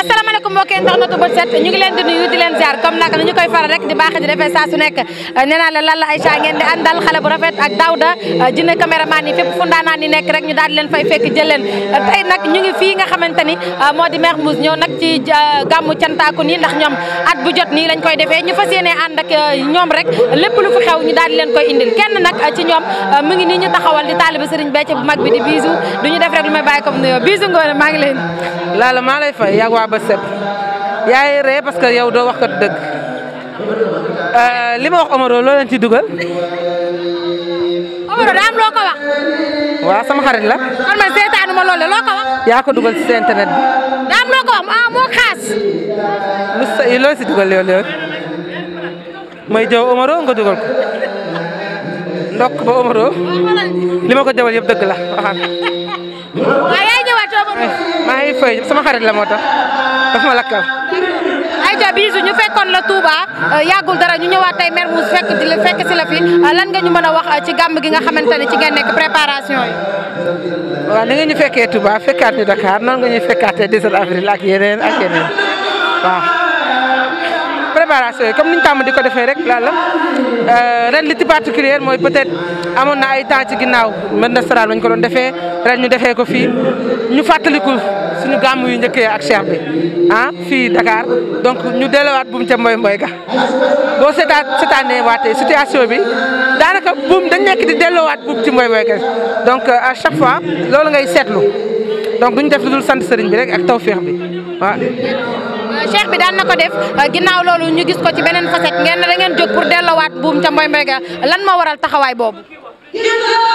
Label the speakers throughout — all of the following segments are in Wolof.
Speaker 1: asalaamaaleykum mbokki internetu bët set ñu ngi leen di nuyu di leen ziar comme nag nu ñu koy faral rek di baax di defee saa su nekk nee naa leen Lalla Aïcha ngeen di àndal xale bu rafet ak Daouda jinne caméraman yi fépp fu ndaanaan ni nekk rek ñu daal di leen fay fekk jël leen tey nag ñu ngi fii nga xamante ni ah, moo di Mermoz ñëw nag ci gàmmu cantaaku nii ndax ñoom at bu jot nii lañ koy defee ñu fas yéene ànd ak ah, ñoom rek lépp lu fi xew ñu daal di leen koy indil nag ci ñoom ah, mu ngi nii ñu taxawal di taaliba Serigne
Speaker 2: mag bi di bisu duñu def rek lu maa ngi laala maa lay fay yàgg waa ba set yaay ree parce que yow doo wax kat dëgg euh, li wax Omaro loo leen ci dugal.
Speaker 1: Omaro daa loo ko wax.
Speaker 2: waaw sama xarit la. kon yaa ko dugal ci seen bi.
Speaker 1: daa am loo ko wax ah moo xaas. lu sa
Speaker 2: loo si dugal loolu yow may jaww nga dugal ko ba Omaro li ma ko jawal yëpp dëgg la waxaat. waaw yaay ñëwaat Omaro. Eh. maa ngi fay sama xarit la moo tax daf ma lakkal.
Speaker 1: ayca bisu ñu fekkoon la Touba euh, yàggul dara ñu ñëwaat tey Mermoz fekk di la fekk si la fi euh, lan nga ñu mën a wax euh, ci gàmm gi nga xamante ne ci ngeen nekk préparation yi.
Speaker 2: waaw ni nga ñu fekkee Touba fekkaat ñu Dakar noonu nga ñuy fekkaatee 17 avril ak yeneen ak yeneen waaw. préparation yi comme niñ tàmm di ko defee rek laal la euh, ren li ci particulier mooy peut-être amoon na ay temps ci ginnaaw mën na saral lañ ko doon defee ren ñu defee ko fii ñu fàttaliku suñu gàmm yu njëkkee ak cheikh bi ah fii Dakar donc ñu delluwaat buum ca mboy mboy ga boo seetaat seetaanee waatee situation bi daanaka buum dañ nekk di delloowaat buum ci mboy mboy ga donc euh, à chaque fois loolu ngay seetlu donc duñ def lu dul sant sëriñ bi rek ak tawféex bi waaw Euh,
Speaker 1: cheikh bi daan na ko def euh, ginnaaw loolu ñu gis ko ci beneen facette ngeen da ngeen jóg pour delloowaat buum ca mboy mboy ga lan moo waral taxawaay boobu.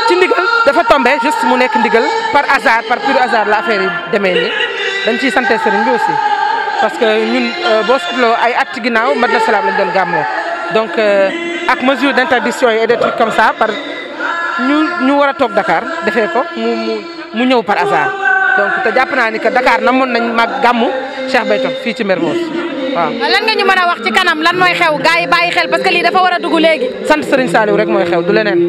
Speaker 2: ci ndigal dafa tombé juste mu nekk ndigal par hasard par pur hasard la affaire yi demee nii dañ ciy sant sëriñ bi aussi parce que ñun euh, boo seetloo ay at ci ginnaaw Madina Salaam lañ doon gàmmoo donc ak mesure d' interdiction yi et des trucs comme ça par ñu ñu war a toog dakaar defee ko mu mu ñëw par hasard donc te jàpp naa ni que Dakar namoon nañ mag gàmmu. Cheikh Béthio fii ci Mermoz waaw. lan
Speaker 1: nga ñu mën a wax ci kanam lan mooy xew gaa yi bàyyi xel parce que lii dafa war
Speaker 2: a dugg léegi. sant Serigne Saliou rek mooy xew du leneen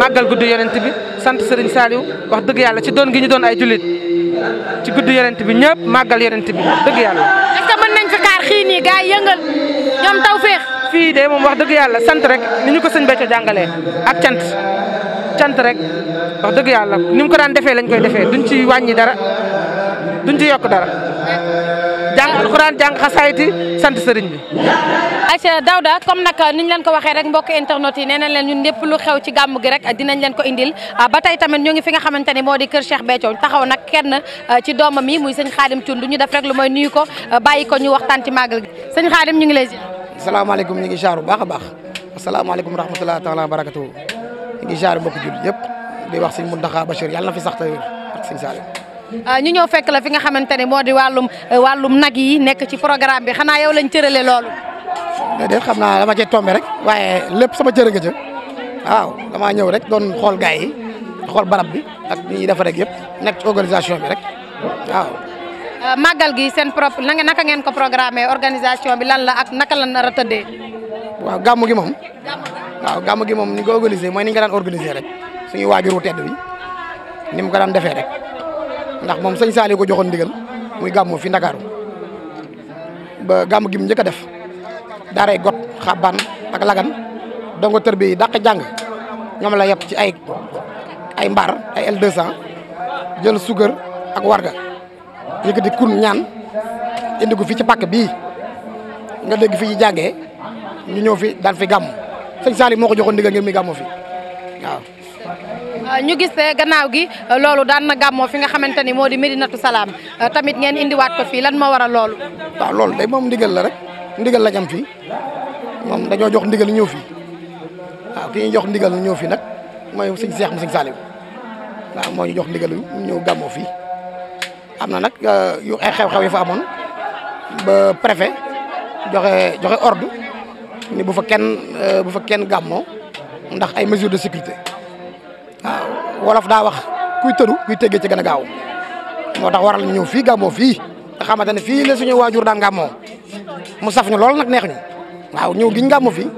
Speaker 2: màggal guddi yonent bi sant Serigne Saliou wax dëgg yàlla ci doon gi ñu doon ay jullit ci guddi yonent bi ñëpp màggal yonent bi dëgg yàlla.
Speaker 1: est mën nañ ka kaar xii nii gars yi ñoom taw
Speaker 2: fii de moom wax dëgg yàlla sant rek ni ñu ko sëñ Béthio jàngalee ak cant cant rek wax dëgg yàlla ni mu ko daan defee lañ koy defee duñ ci wàññi dara duñ ci yokk dara. jàng alxuraan jàng xasaayiti sant sëriñ bi.
Speaker 1: ayca Daouda comme nag ni ñu leen ko waxee rek mbokk internet yi nee nañ leen ñun lépp lu xew ci gàmm gi rek dinañ leen ko indil ah, a tey tamit ñu ngi fi nga xamante ni moo di kër Cheikh Béthio taxaw na kenn ah, ci doomam yi muy sëñ Xaadim Thioune du ñu def rek lu mooy nuyu ko ah, bàyyi ko ñu waxtaan ci màggal gi sëñ Xaadim ñu ngi lay
Speaker 3: salaamaaleykum ñu ngi jaar bu baax a baax asalaamaaleykum rahmatulah taala barakatuhu ñu ngi jaar mbokk jullit yëpp di wax sëñ Muntaxa Bachir yàlla na fi sax tey ak sëñ Salim
Speaker 1: Euh, ñu ñëw fekk la fi nga xamante ne moo di wàllum euh, wàllum nag yi nekk ci programme bi xanaa yow lañ cërale loolu.
Speaker 3: déedéet xam naa dama cee tombé rek waaye lépp sama cër nga ca waaw damaa ñëw rek doon xool gaay yi xool barab bi ak li ñuy defaree yëpp nekk ci organisation bi rek waaw.
Speaker 1: Euh, màggal gi seen prop naka ngeen ko programmé organisation bi lan la ak naka la nar a tëddee.
Speaker 3: waaw gàmmu gi moom. waaw gàmmu gi moom ni nga ko organisé mooy ni nga daan organisé rek suñu waajuru tedd bi ni mu ko daan defee rek. ndax moom sëñ Saliou ko joxoon ndigal muy gàmmu fi Ndakaaru ba gàmm gi njëkk a def daaray got xabaan ak lagan dongo tër bi dàq jàng ñoom la yëpp ci ay ay mbaar ay L200 jël sugar ak warga di kun ñaan indi ko fii ci pàkk bi nga dégg fi ñu jàngee ñu ñëw fi daan fi gàmm sëñ Saliou moo ko joxoon ndigal ngir muy gàmmu fi
Speaker 2: waaw
Speaker 1: ñu gis ne gannaaw gi euh, loolu daan na gàmmoo fi nga xamante ni moo di Medinatu Salaam euh, tamit ngeen indiwaat ko fii lan moo waral loolu.
Speaker 3: waaw loolu day moom ndigal la rek ndigal lañ am fii moom dañoo jox ndigal ñëw fii waaw jox ndigal ñëw fii nag mooy sëñ Seex mu sëñ Saaliw waaw moo ñu jox ndigal ñëw gàmmoo fii am na nag euh, yu ay xew-xew yi fa amoon ba préfet joxe joxe ordre ni bu fa kenn bu fa kenn gàmmoo ndax ay mesures de sécurité waaw wolof daa wax kuy tëru kuy teggee ci gën gaaw moo tax waral ñu ñëw fii gàmmoo fii nga xamante ne fii la suñu waajur daan gàmmoo mu saf ñu lool nag neex ñu waaw ñëw giñ gàmmoo fii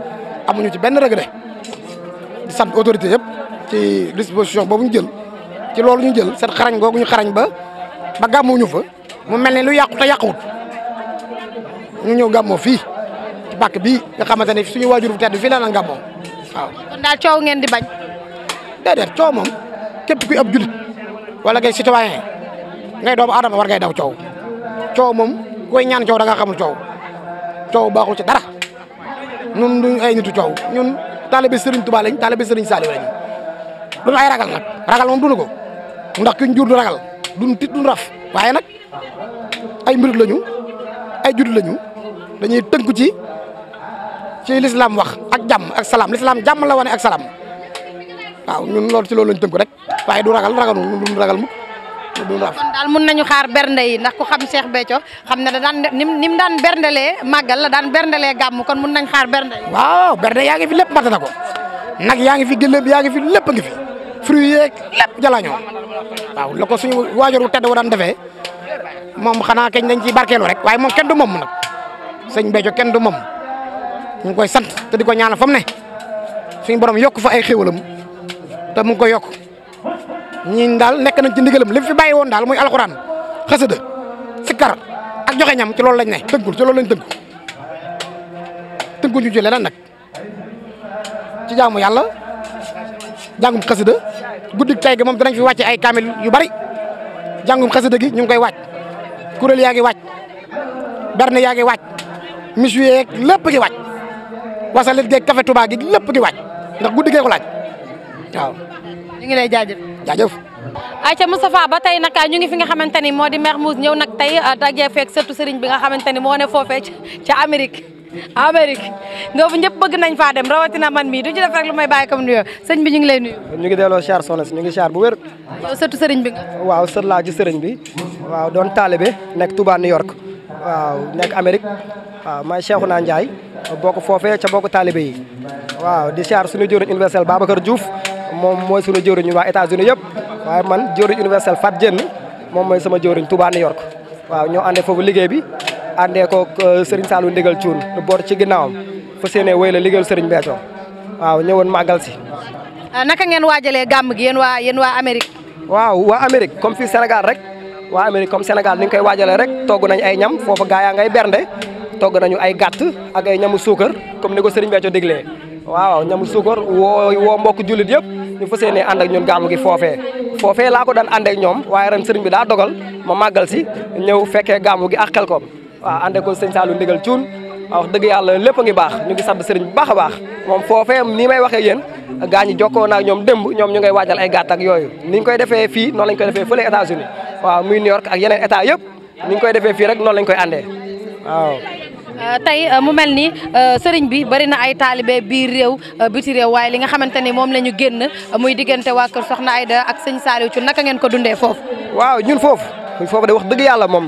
Speaker 3: amuñu ci benn regret di sant autorité yëpp ci disposition boobu ñu jël ci loolu ñu jël set xarañ googu ñu xarañ ba ba gàmmuñu fa mu mel ni lu yàqu te yàquwut ñu ñëw gàmmoo fii ci pàkk bii nga xamante ne suñu waajur bu tedd fii la na gàmmoo waaw.
Speaker 1: kon coow ngeen di bañ.
Speaker 3: déedéet coow képp kuy ab julit wala ngay citoyen
Speaker 1: ngay doomu aadama war ngay daw coow coow
Speaker 3: moom koy ñaan coow da nga xamul coow coow baaxul ci dara ñun duñ ay nitu coow ñun taalibe Serigne Touba lañ taalibe Serigne Saliou lañ duñ ay ragal nag ragal moom dunu ko ndax kuñ jur du ragal duñ tit duñ raf waaye nag ay mbirit lañu ay julit lañu dañuy tënku ci ci lislaam wax ak jàmm ak salaam lislaam jàmm la wane ak salaam waaw ñun loolu ci loolu lañ tënku rek waaye du ragal ragalu du ragal mu du raaf.
Speaker 1: kon daal mun nañu xaar bernde yi ndax ku xam Cheikh Béthio xam ne da daan ni mu daan berndelee màggal la daan berndelee gàmm kon mun nañ xaar bernde yi.
Speaker 3: waaw bernde yaa ngi fi lépp mat na ko nag yaa ngi fi gëlëm yaa ngi fi lépp ngi fi fruits yeeg lépp jalaañoo waaw la ko suñu waajur wu tedd wa daan defee moom xanaa keñ dañ ciy barkeelu rek waaye moom kenn du moom nag sëñ Béthio kenn du moom ñu ngi koy sant te di ko ñaanal fa mu ne suñu borom yokk fa ay xéwalam te mu ngi koy yokk. ñi daal nekk nañ ci ndigalam li fi bàyyi woon daal muy alxuraan xasida sikkar ak joxe ñam ci loolu lañ ne tënkul ci loolu lañ tënku tënku ci leneen nag ci jaamu yàlla jàngum xasida guddik tay gi moom danañ fi wàcce ay kaamil yu bari jàngum xasida gi ñu ngi koy wàcc kuréel yaa ngi wàcc berne yaa ngi wàcc misu yeeg lépp gi wàcc wasalit geeg café Touba gi lépp gi wàcc ndax guddi gee ko laaj jaajëf.
Speaker 1: ayca Moustapha ba tey nag ñu ngi fi nga xamante ni moo di Mermoz ñëw nag tey ah, dajee feek surtout sëriñ bi nga xamante ni moo ne foofee ca Amérique Amérique ñooñu ñëpp bëgg nañ faa dem rawatina man mii du ci def rek lu may ba comme nuyoo sëñ bi ñu ngi lay nuyu.
Speaker 4: ñu ngi delloo siyaar soxna si ñu ngi siyaar bu wér.
Speaker 1: yow sëtu sëriñ bi nga.
Speaker 4: waaw sët laa sëriñ bi waaw doon taalibe nekk tubaa New York waaw nekk Amérique waaw man Cheikhouna Ndiaye bokk foofee ca bokk taalibe yi waaw di siyaar suñu jëriñ moom mooy sunu jëwriñ ñu waa États-Unis yëpp waaye man jëwriñ universel Fat Diène moom mooy sama jëwriñ Touba New York waaw ñoo àndee foofu liggéey bi andee ko euh, Serigne saalu Ndigal Thioune nu boor ci ginnaawam fa séenee wéy la liggéeyal Serigne Béthio waaw ñëwoon màggal si.
Speaker 1: Ah, naka ngeen waajalee gàmm gi yéen waa yéen waa Amérique.
Speaker 4: waaw waa Amérique comme fii Sénégal rek waa Amérique comme Sénégal ni ñu koy waajalee rek togg nañ ay ñam foofa gaa yaa ngay bernde togg nañu ay gàtt ak ay ñamu suukar comme ni ko Serigne Béthio déglee waaw ñamu sukar woo woo mbokk jullit yëpp ñu fas yéene ànd ak ñun gàmm gi foofee foofee laa ko daan ànd ñoom waaye ren sëriñ bi daa dogal ma màggal si ñëw fekkee gàmm gi ak xel koom waaw ànd ak ko sëñ Saalu ndigal cuun wax dëgg yàlla lépp a ngi baax ñu ngi sant sëriñ bu baax a baax moom foofee ni may waxee yéen gaa ñi jokkoo naag ñoom démb ñoom ñu ngay waajal ay gàtt ak yooyu ni ñu koy defee fi noonu lañ koy defee fële États-Unis waaw muy New York ak yeneen état yëpp ni ñu koy defee rek noonu lañ koy àndee
Speaker 5: waaw
Speaker 1: Euh, tey euh, mu mel ni euh, sëriñ bi bari na ay taalibe biir réew biti réew waaye li nga xamante ni moom la ñu génn muy diggante waa kër Soxna Aida ak sëñ Saliou ci naka ngeen ko dundee foof
Speaker 4: waaw ñun foofu foofu de wax dëgg yàlla moom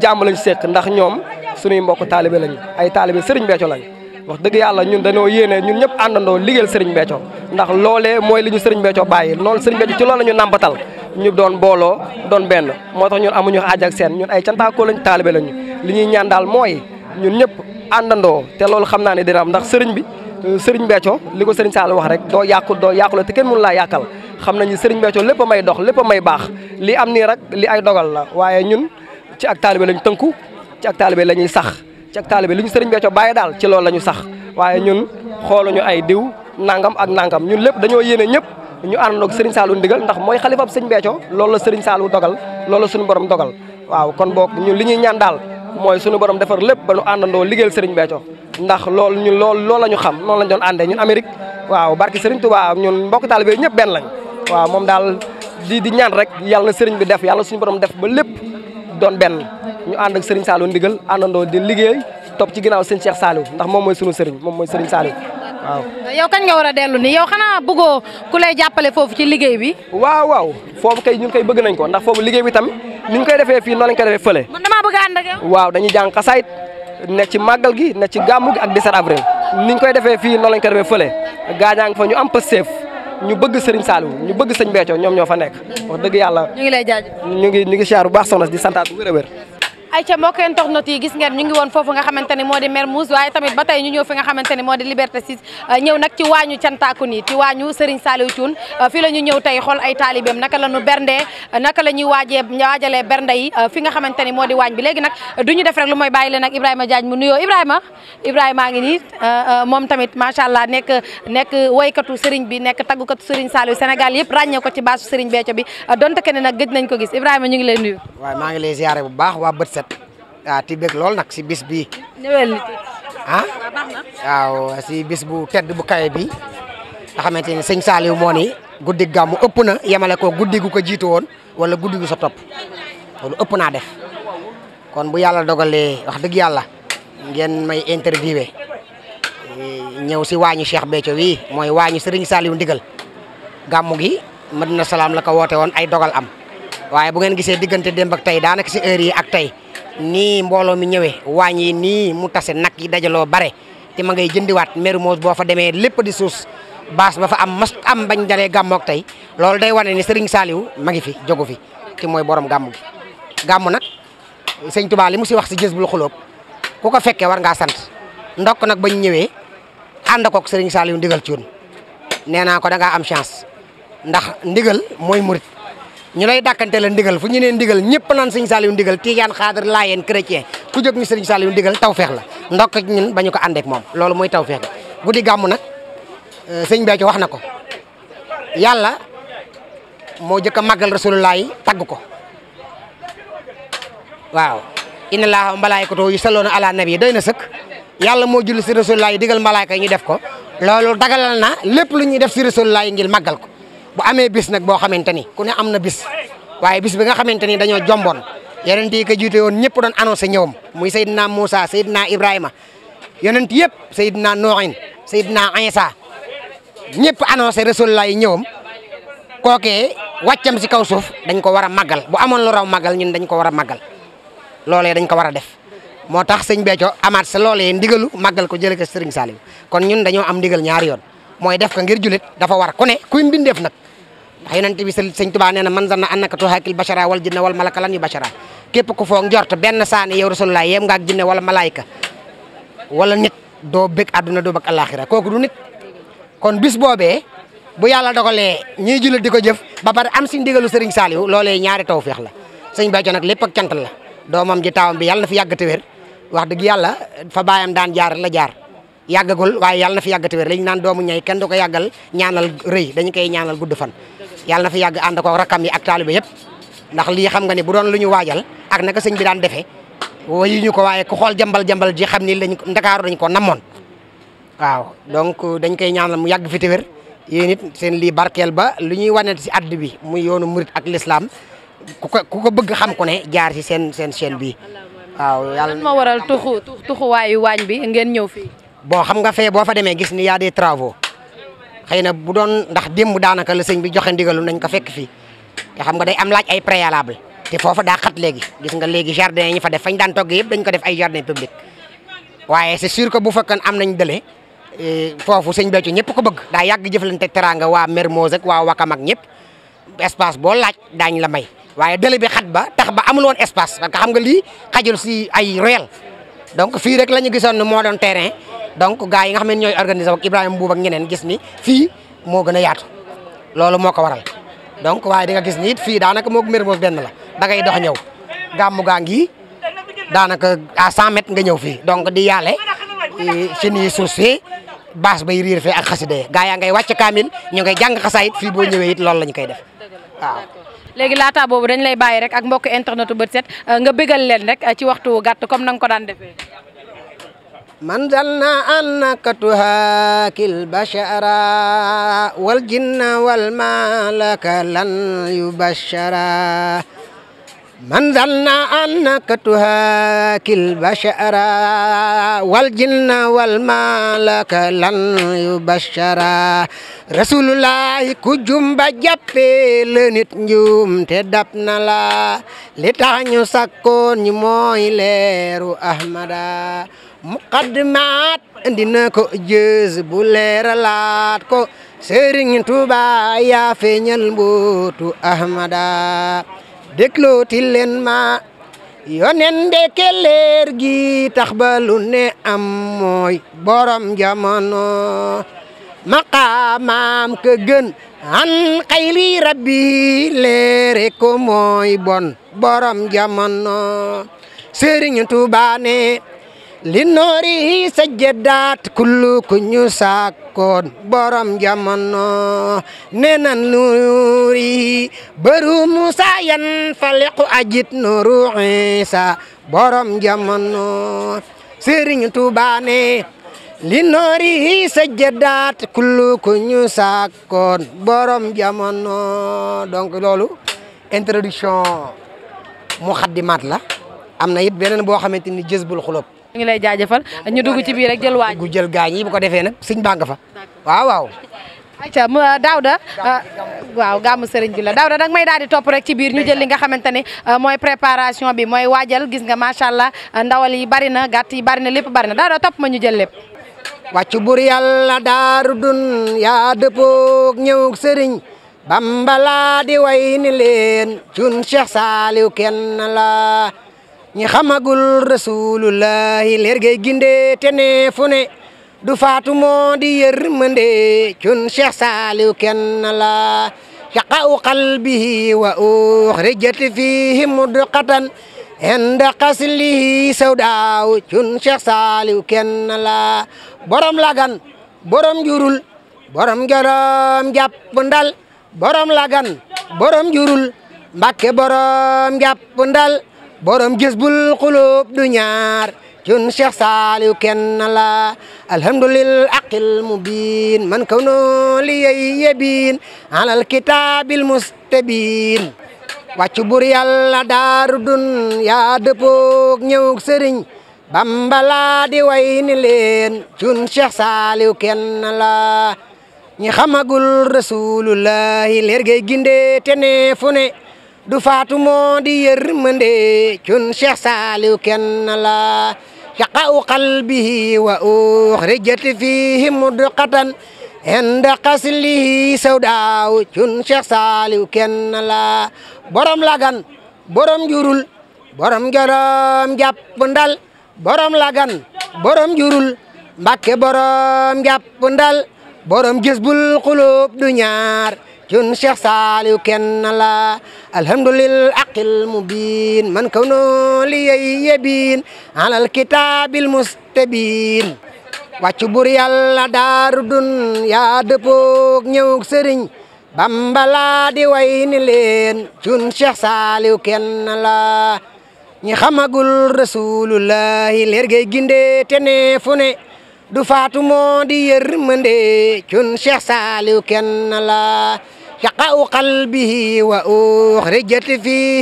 Speaker 4: jàmm lañ seq ndax ñoom suñuy mbokk taalibe lañ ay taalibe sëriñ Béthio lañ wax dëgg yàlla ñun dañoo yéene ñun ñëpp àndandoo liggéeyal sëriñ Béthio ndax loolee mooy li ñu sëriñ Béthio bàyyi loolu sëriñ Béthio ci loolu la ñu nàmbatal ñu doon booloo doon benn moo tax ñun amuñu xaaj ak seen ñun ay cantaakoo lañ taalibe lañu li ñuy ñaan daal mooy ñun ñëpp àndandoo te loolu xam naa ne dina am ndax sëriñ bi euh, sëriñ Béthio li ko sëriñ Sall wax rek doo yàqu doo yàqula te kenn mënu laa yàqal xam nañu sëriñ Béthio lépp may dox lépp may baax li am nii rek li ay dogal la waaye ñun ci ak taalibe lañ tënku ci ak taalibe la ñuy sax ci ak taalibe li ñu sëriñ Béthio bàyyi daal ci loolu lañu sax waaye ñun xooluñu ay diw nangam ak nangam ñun lépp dañoo yéene ñëpp ñu àndandoo ak sëriñ Sall ndigal ndax mooy xalifab sëriñ Béthio loolu la sëriñ Sall dogal loolu suñu borom dogal mooy suñu borom defar lépp ba nu àndandoo liggéeyal Serigne Béthio ndax loolu ñu loolu la ñu xam noonu lañ doon àndee ñun Amérique waaw barki Serigne Touba ñun mbokk taalibe ñëpp benn lañ waaw moom daal di di ñaan rek yàlla na Serigne bi def yàlla suñu borom def ba lépp doon benn ñu ànd ak Serigne Saliou ndigal àndandoo di liggéey topp ci ginnaaw sëñ Cheikh Saliou ndax moom mooy sunu Serigne moom mooy Serigne Saliou waaw
Speaker 1: yow kañ nga war a dellu ni yow xanaa bëggoo ku lay jàppale foofu ci liggéey bi. waaw waaw foofu
Speaker 4: kay ñu ngi koy bëgg nañ ko ndax foofu liggéey bi tam ni ñu koy defee fii noonu lañ koy defee fële. man
Speaker 1: damaa bëgg a
Speaker 4: waaw dañuy jàng xasaayit nekk ci màggal gi nekk ci gàmmu gi ak 17 avril ni ñu koy defee fii noonu lañ koy defee fële gaañaa nga fa ñu am pësteef ñu bëgg Serigne Saliou ñu bëgg Sëñ Béthio ñoom ñoo fa nekk wax dëgg yàlla. ñu ngi lay jaajëf ñu ngi ñu ngi siyaar bu baax soxna di santaat bu wér a wér
Speaker 1: ay ca mbokk internet yi gis ngeen ñu ngi woon foofu nga xamante ni moo di Mermoz waaye tamit ba tey ñu ñëw fi nga xamante ni moo di Liberté 6 euh, ñëw nag ci waañu cantaakun yi ci waañu Serigne Saliou Thioune euh, fi la ñu ñëw tey xool ay taalibeem naka la ñu berndee euh, naka la ñuy waajee waajalee bernde yi fi nga xamante ni moo di waañ bi léegi nag du ñu def rek lu mooy bàyyi leen nag Ibrahima Diagne mu nuyoo Ibrahima Ibrahima ngi nii moom tamit macha allah nekk nekk woykatu Serigne bi nekk taggukatu Serigne Saliou Sénégal yëpp ràññee ko ci baasu Serigne Béthio bi donte ke ne nag gëj nañ ko gis Ibrahima ñu ngi lay nuyu
Speaker 5: waaw bu baax waa bët waaw ah, ti lool nag si bis bi ah waaw si bis bu tedd bu kawe bi nga xamante ni sëñ Saliou moo ni guddi gàmmu ëpp na yemale ko guddi gu ko jiitu woon wala guddi gu sa topp loolu ëpp naa def kon bu yàlla dogalee wax dëgg yàlla ngeen may interviewé ñëw si waañu Cheikh Béthio wi mooy waañu Serigne Saliou ndigal gàmmu gi Madina Salaam la ko woote woon ay dogal am waaye bu ngeen gisee diggante dem ak tey daanaka si heure yi ak tey nii mbooloo mi ñëwee waañ yi nii mu tase nag yi dajaloo bare te ma ngay jëndiwaat Mermoz boo fa demee lépp di suus baas ba fa am mas am bañ dalee gàmmoog tey loolu day wane ni Serigne saaliw ma ngi fi jogu fi te mooy borom gàmm gi. gàmm nag sëñ Tuubaa li mu si wax si jës bul xulóob ku ko fekkee war ngaa sant ndokk nag bañ ñëwee ànd koog sëriñ Saliou ndigal ci woon nee naa ko da am chance ndax ndigal mooy murit ñu lay dàkkante la ndigal fu ñu nee ndigal ñëpp naan sëñ Saliou ndigal Tijaan xaadar laayeen chrétien ku jóg ni sëñ Saliou ndigal tawfeex la ndokk ak ñun ba ñu ko àndeek moom loolu mooy tawfeex la guddi gàmm nag euh, sëñ Béthio wax na ko yàlla moo jëkk a màggal rasulullah yi tagg ko waaw inna laaha malaayikatahu yusalluuna ala nabi doy na sëkk yàlla moo julli si rasulullah yi digal malaayka yi ñu def ko loolu dagalal na lépp lu ñuy def si rasulullah yi ngir màggal ko bu amee bis nag boo xamante ni ku ne am na bis waaye bis bi nga xamante ni dañoo jomboon yonent ti ka jiite woon ñëpp doon annoncé ñëwam muy Seydina Moussa Seydina Ibrahima yonent yëpp Seydina Noohin Seydina Insa ñëpp annoncé rasulullah yi ñëwam kookee wàccam si kaw suuf dañ ko war a màggal bu amoon lu raw màggal ñun dañ ko war a màggal loolee dañ ko war a def moo tax sëñ Béthio amaat sa loolee ndigalu màggal ko jëlee ko Serigne Saliou kon ñun dañoo am digal ñaari yoon mooy def ko ngir julit dafa war ku ne kuy mbindeef nag ndax yonent bi sëñ Tuubaa nee na man zanna annaka tuhaakil bashara wal jinna wal malaka lan yu bashara képp ku foog njort benn saani yow rasulullah yem nga ak jinne wala malaayka wala nit doo bëgg àdduna doo bëgg alaxira kooku du nit kon bis boobee bu yàlla dogalee ñiy jullit di ko jëf ba pare am si ndigalu Serigne Saliou loolee ñaari feex la sëñ Béthio nag lépp ak cant la doomam ji taawam bi yàlla na fi yàgg te wax dëgg yàlla fa baayam daan jaar la jaar yàggagul waaye yàlla na fi yàgg te ñu naan doomu ñay kenn du ko yàggal ñaanal rëy dañu koy ñaanal gudd fan yàlla na fi yàgg ànd ko rakkam yi ak taalibe yëpp ndax lii xam nga ne bu doon lu ñu waajal ak naka sëñ bi daan defee wayu ñu ko waaye ku xool jambal jambal ji xam ni lañ ndakaaru dañ ko namoon waaw donc dañ koy ñaanal mu yàgg fi te wér yéen seen lii barkeel ba lu ñuy wane si àdd bi muy yoonu murit ak l'islam ku ko bëgg xam ku ne jaar si seen seen chaîne bi waaw yàlla lan tuxu
Speaker 1: tuxuwaayu waañ bi ngeen ñëw fi
Speaker 5: bon xam nga fee boo fa demee gis ni y a xëy na bu doon ndax démb daanaka la sëñ bi joxe ndigalu nañ ko fekk fii te nga day am laaj ay préalable te foofa daa xat léegi gis nga léegi jardin yi ñi fa def fañ daan togg yëpp dañ ko def ay jardin public waaye c'est sûr que bu fekkoon am nañ dële eh, foofu sëñ Béthio ñëpp ko bëgg daa yàgg jëflante teraanga waa Mermoz ak waa Wakam ak ñëpp espace boo laaj daañ la may waaye dële bi xat ba tax ba amul woon espace parce que xam nga lii xajul si ay réel donc fii rek la ñu gisoon ne moo doon terrain donc gars yi nga xam ne ñooy organiser ak Ibrahima Mbuub ak ñeneen gis fii moo gën a yaatu loolu moo ko waral donc waaye di nga gis ni fii daanaka moog Mermoz benn la da ngay dox ñëw gàmmu gaa ngi daanaka à 100 mètres nga ñëw fii donc di yàlle ci nii suuf si baas bay riir fee ak xasida yi gaa yaa ngay wàcc kaamil ñu ngay jàng xasaayit fii boo ñëwee it loolu la ñu koy def
Speaker 1: waaw. léegi laata boobu dañ lay bàyyi rek ak mbokk internetu bët set nga bégal leen rek ci waxtu gàtt comme na nga ko daan
Speaker 5: defee. man zanna annaka tuhaakil bashara wal jinna wal malaka lan yubashara man ku jumba jàppe la nit te dab na la li tax ñu mooy leeru ahmada muqaddimaat indi ko jës bu leeralaat ko Serigne Touba yaa feeñal mbootu Ahmada dégloti leen ma yonen ndeke leer gi tax ba lu ne am mooy borom jamono maqaamaam ka gën an xayri rabbi leere ko mooy bon borom jamono Serigne Touba ne li noori sajjadaat kullu ku ñu sàkkoon borom jamono nee nan nuuri bëru Musa yan falequ ajit nuuru Isa borom jamono Sëriñ Tuubaa li noori sajjadaat kullu ku ñu borom jamono donc loolu introduction mu la am na it beneen boo xamante ni jëzbul xulub ñu ngi lay jaajëfal ñu dugg ci biir rek jël waaj gu jël gaañ yi bu ko defee nag sëñ baa fa waaw
Speaker 1: waaw ayca Daouda ah, waaw gàmmu sëriñ bi la Daouda danga may daal di topp rek ci biir ñu jël li nga xamante ne ah, mooy préparation bi mooy waajal gis nga macha allah ah, ndawal yi bari
Speaker 5: na gàtt yi bari na lépp bari na Daouda topp ma ñu jël lépp. wàccu bur yàlla daaru dun yaa dëppoog ñëw bambala di way ni leen cun Cheikh Saliou kenn la. ñi xamagul rasulullahi leer gay ginde te du faatu moo di yërmande cun Cheikh Saliou kenn la yaqa'u qalbihi wa uxrijat fihi mudqatan inda qaslihi sawdaaw cun Cheikh Saliou kenn la borom lagan borom jurul borom jorom jàpp borom lagan borom jurul Mbàkke borom jàpp borom gis bul xulub du ñaar cun cheikh saaliw kenn la alhamdulil aqil mubin man kaw noo liyey yebin alal kitaabil mustabin wàccu bur yàlla daaru dun yaa dëppoog ñëwug sëriñ bambala di way ni leen saaliw kenn la ñi xamagul rasulullahi leer gay ginde te du faatu moo di yërmande cun Cheikh Saliou kenn la yaqa'u qalbihi wa uxrijat fihi mudqatan inda qaslihi sawdaaw cun Cheikh Saliou kenn la borom lagan borom jurul borom jorom jàpp borom lagan borom jurul Mbàkke borom jàpp borom jësbul xulub du ñaar jun Cheikh Saliou kenn la alhamdulil aqil mubin man kaw li yey alal kitaabil mustabin wàccu bur yàlla daaru dun yaa dëppoog ñëwug sëriñ bambala di way ni leen jun Cheikh ñi xamagul rasulullahi leer gay ginde te du faatu moo di yërmande jun Cheikh Saliou kenn la شقاء قلبه وأخرجت فيه